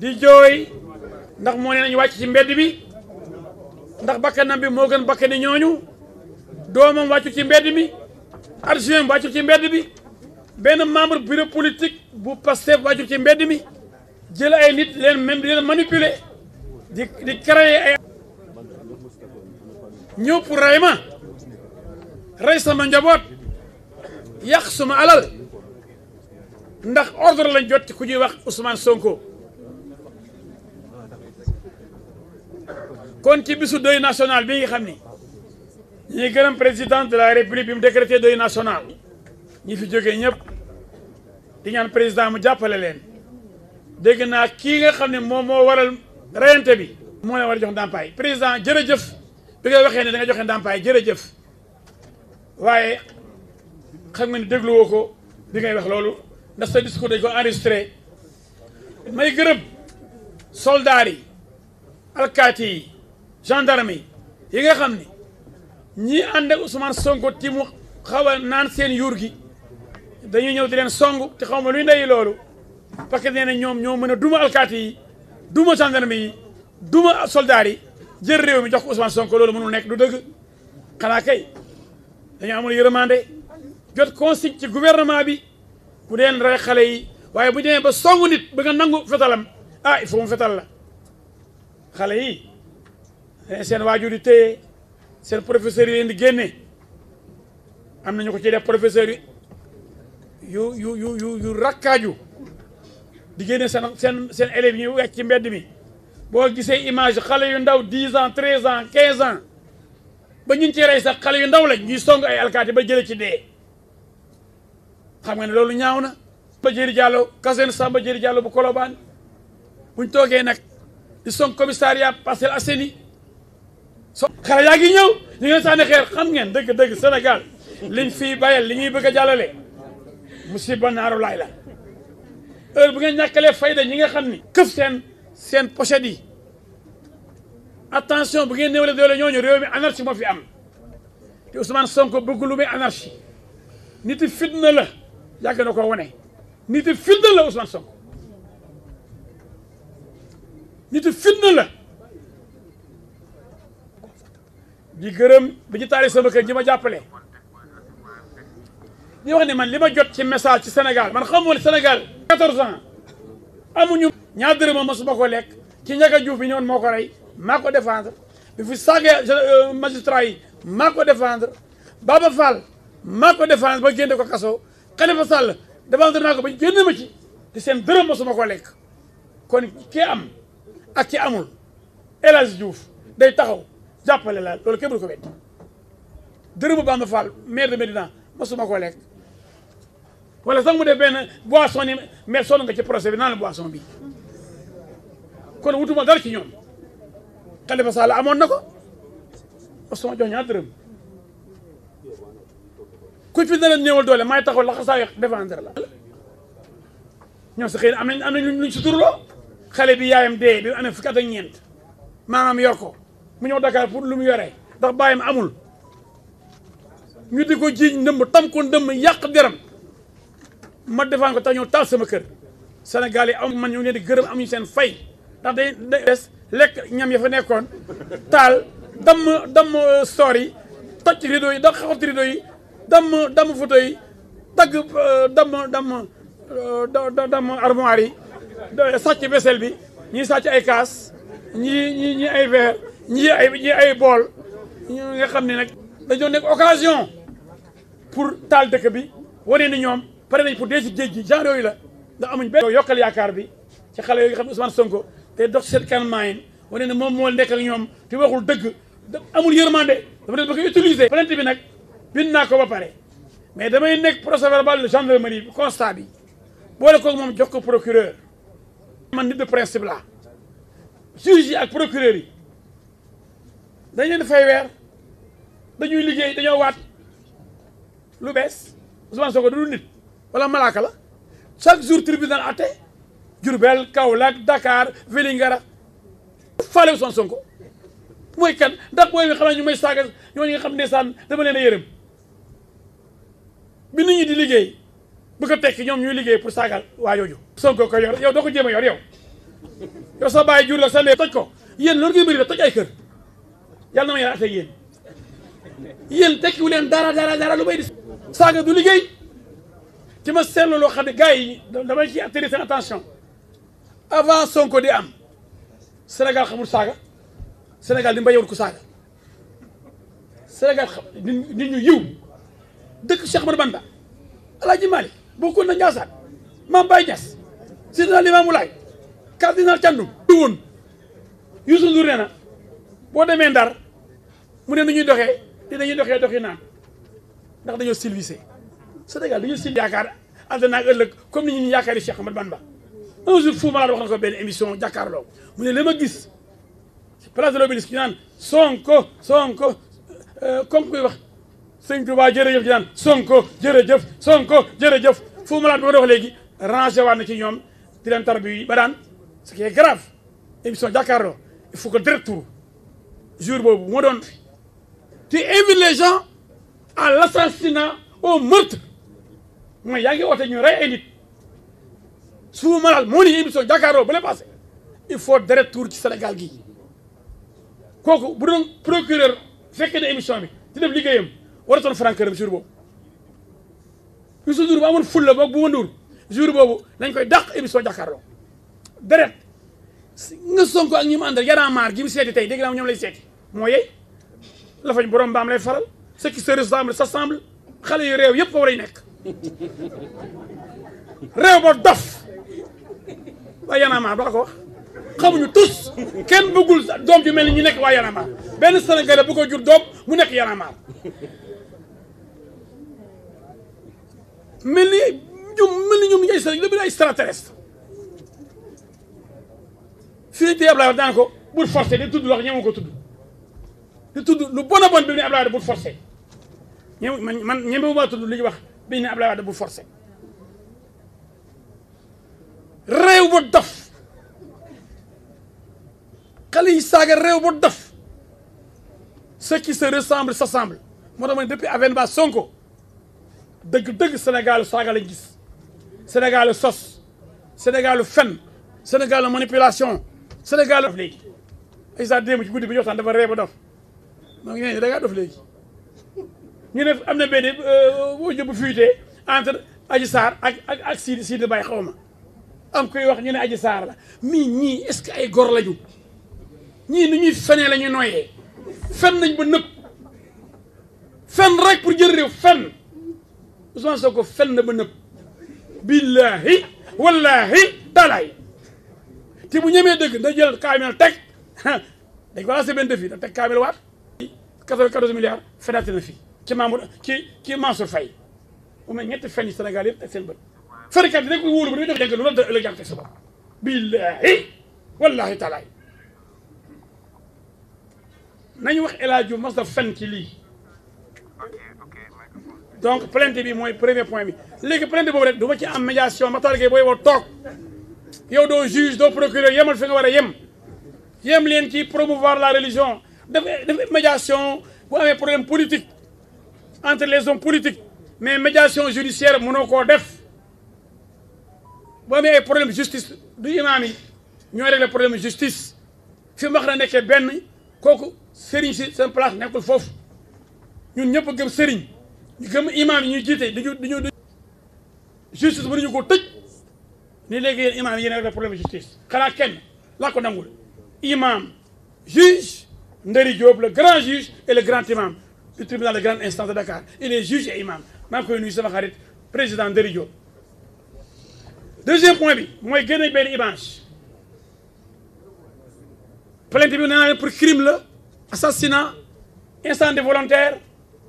di jooy ndax moo ne nañu wàcc ci mbedd bi ndax bakkanam bi moo gën bakkani ñooñu doomam wàccu ci mbedd mi adjoint wàccu ci mbedd mi benn membre bureau politique bu Pastef wàccu ci mbedd mi jël ay nit leen même leen manipuler di di ay ñëw pour ma rey sama njaboot yàq suma alal ndax ordre lañ jot ci ku ñuy wax Ousmane Sonko kon ci bisu deuil national bi nga xam ni ñuy gërëm président de la république bi mu décrété deuil national ñi fi jógee ñëpp di ñaan président mu jàppale leen dégg naa kii nga xam ne moom moo waral reyante bi moo leen war a jox ndàmpaay président jërëjëf bi nga waxee ne da nga joxe ndàmpaay jërëjëf waaye xam nga ni dégluwoo ko bi ngay wax loolu ndax sa discours dañ ko enregistré may gërëb soldats yi alkaati yi gendarme yi yi nga xam ni ñii ànd ak Ousmane Sonko ti mu xaw a naan seen yuur gi dañuy ñëw ti leen song te xaw ma luy ndey loolu parce que nee ñoom ñoo mën a duma alkaati yi duma gendarme yi duma soldaar yi jël réew mi jox ko Ousmane Sonko loolu mënul nekk du dëgg xanaa kay dañu amul yërmande jot ko ci gouvernement bi bu deen rey xale yi waaye bu demee ba songu nit ba nga nangu fetalam ah il faut fetal la xale yi Eh, seen waajur yi te seen professeurs yi di génne am nañu ko ci def professeurs yi yu yu yu yu rakkaaju di génne seen seen seen élèves ñu wecc ci mbedd mi boo gisee image xale yu ndaw 10 ans 13 ans quinze ans ba ñu cere rey sax xale yu ndaw lañ ñuy song ay alkaati ba jële ci dee xam nga ne loolu ñaaw na ba jëri jàllo kaseen Samba jëri jàllo bu Colobane buñ toogee nag di song commissariat Parcelles Assainies so xale yaa ngi ñëw ñu ngeen sànni xeer xam ngeen dëgg-dëgg Sénégal liñ fi bayal li ñuy bëgg a jàllale musiba naaru laay la heure bu ngeen ñàkkalee fayda ñi nga xam ni këf seen seen pochette yi attention bu ngeen néewale doole ñooñu réew mi anarchie moo fi am te Ousmane Sonko bëgg lu muy anarchie niti fitna la yàgg na ko wane niti fitna la Ousmane Sonko nit fitna la di gërëm bi ci taali sama kër ji ma jàppale di wax ne man li ma jot ci message ci Sénégal man xamoon Sénégal quatorze ans amuñu ñaar dërëm ma mosuma ko lekk ci ñaka Diouf bi ñëwoon moo ko rey maa ko défendre bi fi saaga euh, magistrat yi maa ko défendre Baba Fall maa ba génne ko kaso Khalifa Sall défendre naa ko ba génne ma ci te seen dërëm mosuma ko lekk kon ki am ak ci amul El Hadj day taxaw jàppale la loolu képp ko wet dërëmu Bamba Fall maire de Médina masuma koo lekk wala sax mu def benn boisson ni mais sonn nga ci procès bi naan la boisson bi kon wutuma dara ci ñoom Khalifa Sall amoon na ko masuma jox ñaar dërëm ku fi na leen néewal doole maay taxaw la xasaay défendre la ñoom si xëy na am nañ am nañ luñ suturloo bi yaayam dee bi amee fukki at ak ñeent maanaam yor ko mu ñëw Dakar pour lu mu yore ndax bàyyam amul ñu di ko jiiñ ndëmb tam ko ndëmb yàq deram ma defaan ko tax ñëw taal sama kër Sénégal yi am man ñëw ne di gërëm amuñu seen fay ndax day des lekk ñam ya fa nekkoon taal damm damm soor yi toj rideau yi da xawat rideau yi damm damm photo yi dagg euh, damm damm euh, damm armoire yi sàcc vaisselle bi ñii sàcc ay kaas ñii ñii ay verre ñi ay ñi ay bool ñu nga xam ne nag dañoo nekk occasion pour taal dëkk bi wane ni ñoom pare nañ pour dee ci géej gi genre yooyu la da amuñ benn yokkal yaakaar bi ci xale yooyu nga xam ne Ousmane Sonko te dox seen kanam yi wane ne moom moo nekk ak ñoom te waxul dëgg amul yërmande dafa ne ba koy utiliser plainte bi nag bind naa ko ba pare mais damay nekk procès verbal de gendarmerie bi constat bi boole ko moom jox ko procureur man nit de principe la juge ak procureur yi dañ leen fay dañuy liggéey dañoo waat lu bees Ousmane Sonko du nit wala malaaka la chaque jour tribunal atte Diourbel Kaolack Dakar Vélingara faale Ousmane Sonko mooy kan ndax booy bi xanaa ñu may saaga ñooñu nga xam ndeysaan dama leen a yërëm bi nit ñi di liggéey bu tekki ñoom ñuy liggéey pour saagal waa yooyu Sonko ko yor yow doo ko jéem yor yow yow sa bàyyi jur la sa lee toj ko yéen loolu ngay bëri da toj ay kër yàlla na ma yàlla àtteeg yéen yéen tekkiwu leen dara dara dara lu may di saaga du liggéey ci ma seetlu loo xam ne gars yi damay ci attirer seen attention avant Sonko di am Sénégal xamul saaga Sénégal di mbayewul ko saaga Sénégal xam nit ñu yiw dëkk Cheikh Ahmadou Bamba Alaaji Maalik bokkoon na Ndiassane Maam Baye Niass Seydina Limaamu Laay cardinal Thiandoum du woon Youssou Ndour nee boo demee ndar mu ne nu ñuy doxee di dañuy doxee doxi naan ndax dañoo silvisé Sénégal dañoo sil yaakaar ànd naag ëllëg comme ni ñu ñu yaakaari Cheikh Ahmad Bamba un jour wax na ko benn émission jàkkaarloo mu ne li ma gis place de l'Obélisque ñu naan Sonko Sonko euh, comme kuy wax sëñ Touba jërëjëf ñu naan Sonko jërëjëf Sonko jërëjëf Fou laa bi ma doon wax léegi rangé waat na ci ñoom di leen tarbi ba daan ce qui est grave émission jàkkaarloo il faut que direct jour boobu moo doon tu invites les gens à l'assassinat au meurtre mooy yaa ngi oote ñu rey ay nit Soumou Malal moo ni émission jàkkaarloo ba la passé il faut deret tuur ci Sénégal gi kooku bu doon procureur fekkee ne émission bi di def liggéeyam waratoon francaram jour boobu Youssou Ndour bu amoon fulla boog bu ma Ndour jour boobu nañ koy dàq émission jàkkaarloo deret nga Sonko ak ñi mu àndal Y'en a marre gi mu seeti tey dégg naa ñoom lay seeti moo yey lafañ borom mbaam lay faral ce qui se ressemble s'assemble xale yu réew yëpp fa war a nekk réew ba dof waa yanama ba ko wax xamuñu tus kenn bëggul doom ju mel ni ñu nekk waa yanama benn sénégalais bu ko jur doom mu nekk yanama mel ni ñoom mel ni ñoom ñooy sën yëpp ay extraterrestre fii tey Ablaye daan ko bul forcé de tudd wax ñemoo ko tudd. di tudd lu bon a bon bi ñu ne Abdoulaye Wade bul forcé ñemewu man man ñemewu ma li ñuy wax bi ñu ne Abdoulaye Wade bul forcé réew ba dof xale yi saaga réew ba dof ce qui se ressemble s'assemble moo tax ma ne depuis avènement Sonko dëgg-dëgg Sénégal saaga lañ gis Sénégal sos Sénégal fen Sénégal manipulation Sénégal léegi ay saa démb ci guddi bi ñu waxtaan dafa réew ba donc ñooñu da ngaa dof léegi ñu ne am na benn audio euh, bu fuité entre Adji saar ak ak ak Sidi Sidi Baye xaw ma am koy wax ñu ne Adji saar la mii ñii est-ce que ay gor lañu ñii nu ñuy fenee lañu ñuy noyyee fen nañ ba nëpp fen rek pour jël réew fen Ousmane Sonko fen na ba nëpp billahi wallahi talaay te bu ñemee dëgg da jël kaamel teg dañ ko lancé benn défi da teg kaamel waat 94 milliards feddaate na fii ci Mamour ci ci Mansour Faye mu mel ñetti fen senegal Sénégal yëpp teg seen bët farikat bi rek wóolu ba damay def denk lu la da ëllëg jàmteg sa billaahi wallaahi taalaay nañu wax El Hadj Diouf mas na fen ci lii donc plainte bi mooy premier point bi léegi plainte boobu rek du ma ci am médiation Matar Gueye booy woo toog yow doo juge doo procureur yemal fi nga war a yem yem leen ci promouvoir la religion dafay dafay médiation boo amee problème politique entre les hommes politiques mais médiation judiciaire mënoo koo def bu amee ay problème justice du imaam yi ñooy régler problème justice fi max na nekkee benn kooku sëriñ si seen place nekkul foofu ñun ñëpp gëm sëriñ ñu gëm imaam yi ñuy jiite dañu dañu justice mënuñu ko tëj ni léegi yéen imaam yi yéen régler problème justice xanaa kenn na ko nangul juge Ndari Diop le grand juge et le grand imam du tribunal de grande instance de Dakar il est juge et imam maa ngi koy nuyu sama xarit président Ndari Diop. deuxième point bi mooy génne benn image plainte bi nee naa pour crime la assassinat incendie volontaire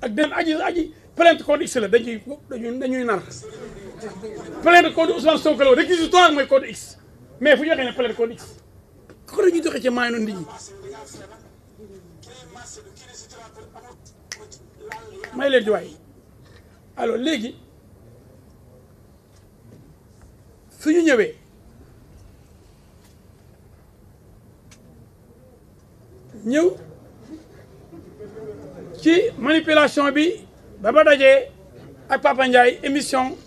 ak dem aji aji plainte contre X la dañuy dañuy dañuy nar plainte contre X mais fu ñu waxee ne plainte X ko la ñuy joxe ci maay noonu nit may leen di waay alors léegi su ñu ñëwee ñëw manipulation bi ba ma dajee ak Papa Ndiaye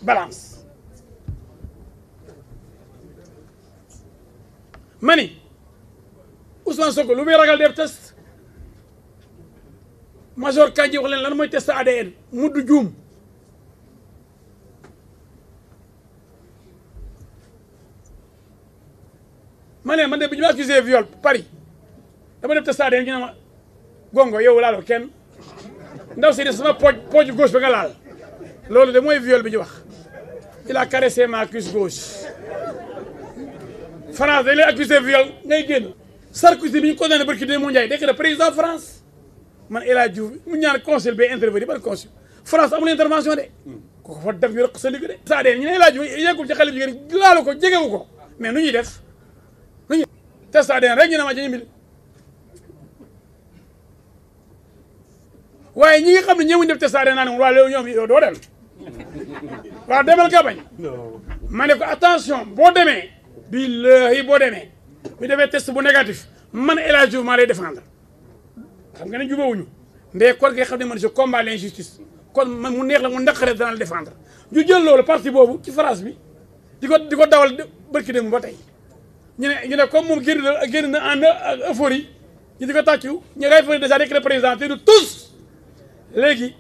balance mani Ousmane Sonko lu muy ragal def test major Kandji wax leen lan mooy test mu mudd juum ma ne man de bu ñu ma accusé viol Paris dama def test ADN ñu ne ma gongo yow laaloo kenn ndaw si ne sama pooj pooj gauche bi nga laal loolu de mooy viol bi ñu wax il la caressé ma cuisse gauche France dañ lay accusé viol ngay génn Sarkozy bi ñu condamné barki de mu Ndiaye dekk na président France man El Hadj Diouf mu ñaan conseil bay intervenir ban conseil France amul intervention de ko fa def ñu rek sa liggéey de c'est-à-dire ñu ne El Hadj Diouf yeggul ci xale bi ko jegewu ko mais nu ñuy def nu ñuy te c'est-à-dire rek ñu ne ma ci waaye ñi nga xam ne ñëwuñu def te c'est-à-dire naa ne moom waa loolu ñoom yow doo dem demal ka bañ ma ne ko attention boo demee billahi boo demee bu defee test bu négatif man El Hadj Diouf maa lay défendre xam nga ne jubóowuñu mais kon nga xam ne man je combat l' injustice kon man mu neex la mu naqaree dana la défendre ñu jël loolu parti boobu ci France bi di ko di ko dawal bërki dem ba tey ñu ne ñu ne comme moom génn na génn na en euphorie ñu di ko tàccu ñu ngay fari dèjà nekk na président te du tous léegi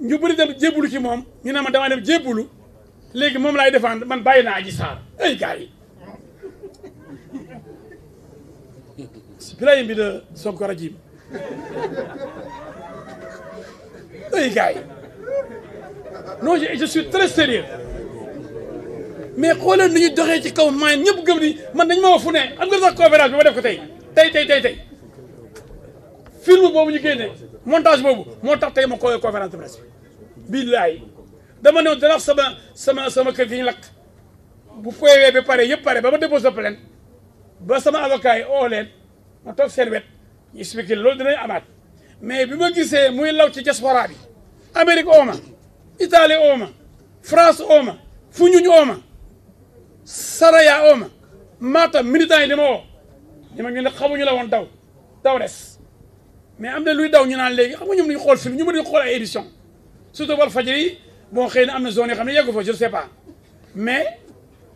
ñu bëri dem jébbalu ci moom ñu ne ma damaa dem jébbalu léegi moom laay défendre man bàyyi naa aji saar ay gars yi Playing bi de Sonko rajim ay gars yi non je je suis très sérieux mais xooleen ni ñu doxee ci kaw maa ñëpp gëm ni man dañ ma wax fu ne am nga sax conférence bi ma def ko tey tey tey tey tey film boobu ñu génne montage boobu moo tax tey ma koy conférence de presse billaay dama ne dana sama sama sama kër gi ñu lakk bu foyee ba pare yëpp pare ba ma déposé plainte ba sama avocat yi ma toog seen wet ñu expliqué loolu dinañ amaat mais bi ma gisee muy law ci diaspora bi Amérique oo ma Italie oo ma France oo ma Foundiougne oo ma Saraya oo ma Matam militants yi di ma woo di ma ngeen la woon daw daw des mais am na luy daw ñu naan léegi xam nga ñoom dañu xool film ñu mën a xool ay édition surtout wal fajar yi bon xëy na am na zone yoo xam ne yeggu fa je ne pas mais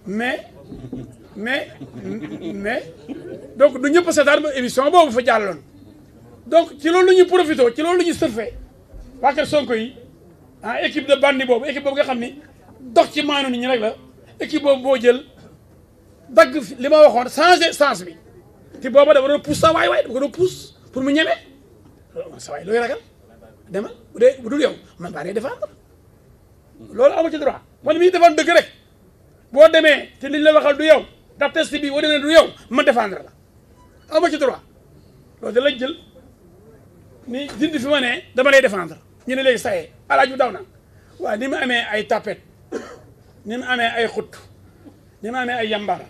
mais mais mais donc du ñëpp seetaan ma émission boobu fo fa jàlloon donc ci loolu la ñuy profité ci loolu la ñuy surfé waa kër Sonko yi a ah, équipe de bandi boobu équipe boobu nga xam ni dox ci maanu ni ñu rek la équipe boobu boo jël dagg li ma waxoon changé sens bi te booba dafa doon pousse sa waay waay dafa ko doon pousse pour mu ñeme sa waay looy ragal demal bu dee bu dul yow man baa dee défendre loolu amu ci droit man mii defoon dëgg rek boo demee te liñ la waxal du yow ndax test bi wane ne du yow ma défendre la aw ma ci droit loolu da lañ jël ni dindi fi ma ne dama lay défendre ñu ne léegi saye alaaju daw na waaw ni mu amee ay tapet ni mu amee ay xut ni mu amee ay yambar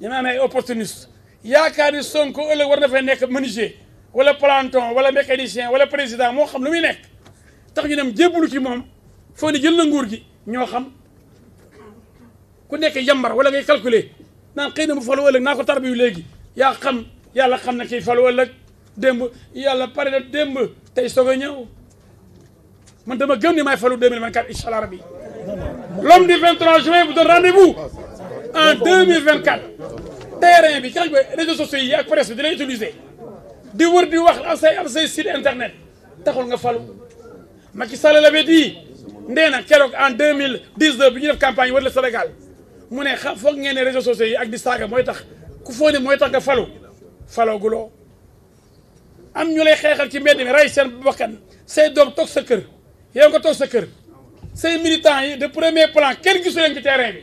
ni mu amee ay opportuniste yaakaar ni Sonko ëllëg war na fay nekk menuisier wala planton wala mécanicien wala président moo xam lu muy nekk tax ñu dem jébbalu ci moom foog ni jël na nguur gi ñoo xam ku nekk yambar wala ngay calculer naan xëy na mu falu ëllëg naa ko tarbiyu léegi yaa xam yàlla xam na kii falu ëllëg démb yàlla pare na démb tey soog a ñëw man dama gëm ni maay falu 2024 incha allah rabi l'homme du 23 juin vous donne rendez-vous en 2024 terrain bi kañ koy réseaux sociaux yi ak presse bi dina utiliser di wër di wax am say am say site internet taxul nga falu Macky Sall l'avait dit ndee na keroog en 2019 bi ñu def campagne wër le Sénégal mu ne xa foog ngeen ne réseaux sociaux yi ak di saaga mooy tax ku foo mooy tax nga falu falaguloo am ñu lay xeexal ci mbedd mi rey seen bakkan say doom toog sa kër yow nga toog sa kër say militants yi de premier plan kenn gisu leen ci terrain bi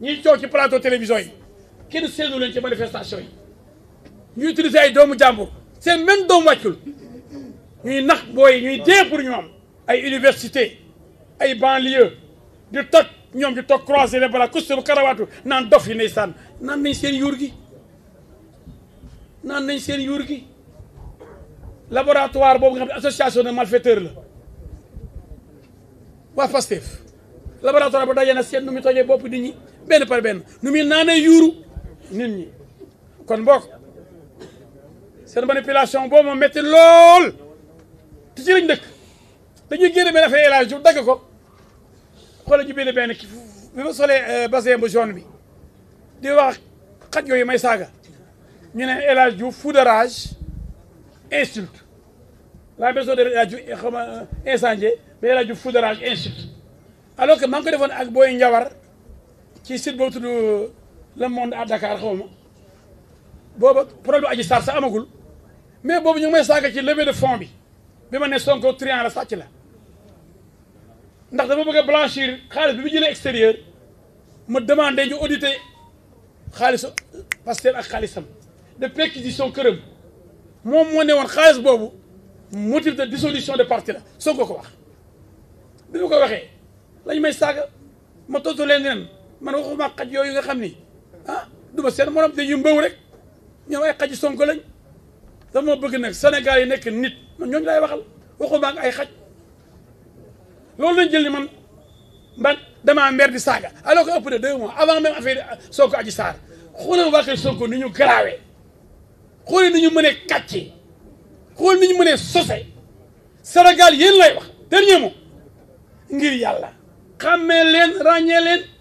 ñuy coow ci plateau télévision yi kenn séenu leen ci manifestation yi ñu utiliser ay doomu jàmbur seen même doom wàccul ñuy nax booy ñuy dee pour ñu am ay université ay banlieue di toj ñoom di toog croiser les bras costume karawaatu naan dof yi ndeysaan naan nañ seen yuur gi naan nañ seen yuur gi laboratoire boobu nga xam association de malfaiteur la waa Pastef laboratoire ba dajee na seen nu muy tojee bopp nit ñi benn par benn nu muy naanee yuuru nit ñi kon mbokk seen manipulation boobu moom métti lool te ci lañ dëkk dañuy génne benn affaire élage dagg ko xoolal ñu benn benn ki bi ma solee euh, bassin bu jaune bi di wax xaj yooyu may saaga ñu ne El Hadj Diouf fou de rage insulte la maison de El Hadj Diouf eh, xam nga euh, mais El Hadj Diouf de rage insulte alors que man ko defoon ak booy njawar ci site boobu tudd euh, le monde à Dakar xaw ma booba problème aji sar sa amagul mais boobu ñu may saaga ci levée de fonds bi bi ma ne Sonko trian la sàcc la ndax dafa bëggee a blanchir xaalis bi mu jëlee extérieur ma demandé ñu auditer xaalis Pastef ak xaalisam de perquisition këram moom moo ne woon xaalis boobu motif de dissolution de parti la soo ko ko wax bi ko waxee lañ may saaga ma tontu leen nen man waxuma xaj yooyu nga xam ni ah du ma seen morom dañuy mbëw rek ñoom ay xaj Sonko lañ moo bëgg nag Sénégal yi nekk nit man ñooñu lay waxal waxuma ak ay xaj loolu lañ jël ni man man damaa mer di saaga alors que ëpp de deux mois avant même affaire Sonko Adji Sarr xoolal waxee Sonko ni ñu garaawee xool ni ñu mënee kàccee xool ni ñu mënee sose Sénégal yéen lay wax dernier mot ngir yàlla xàmmee leen ràññee leen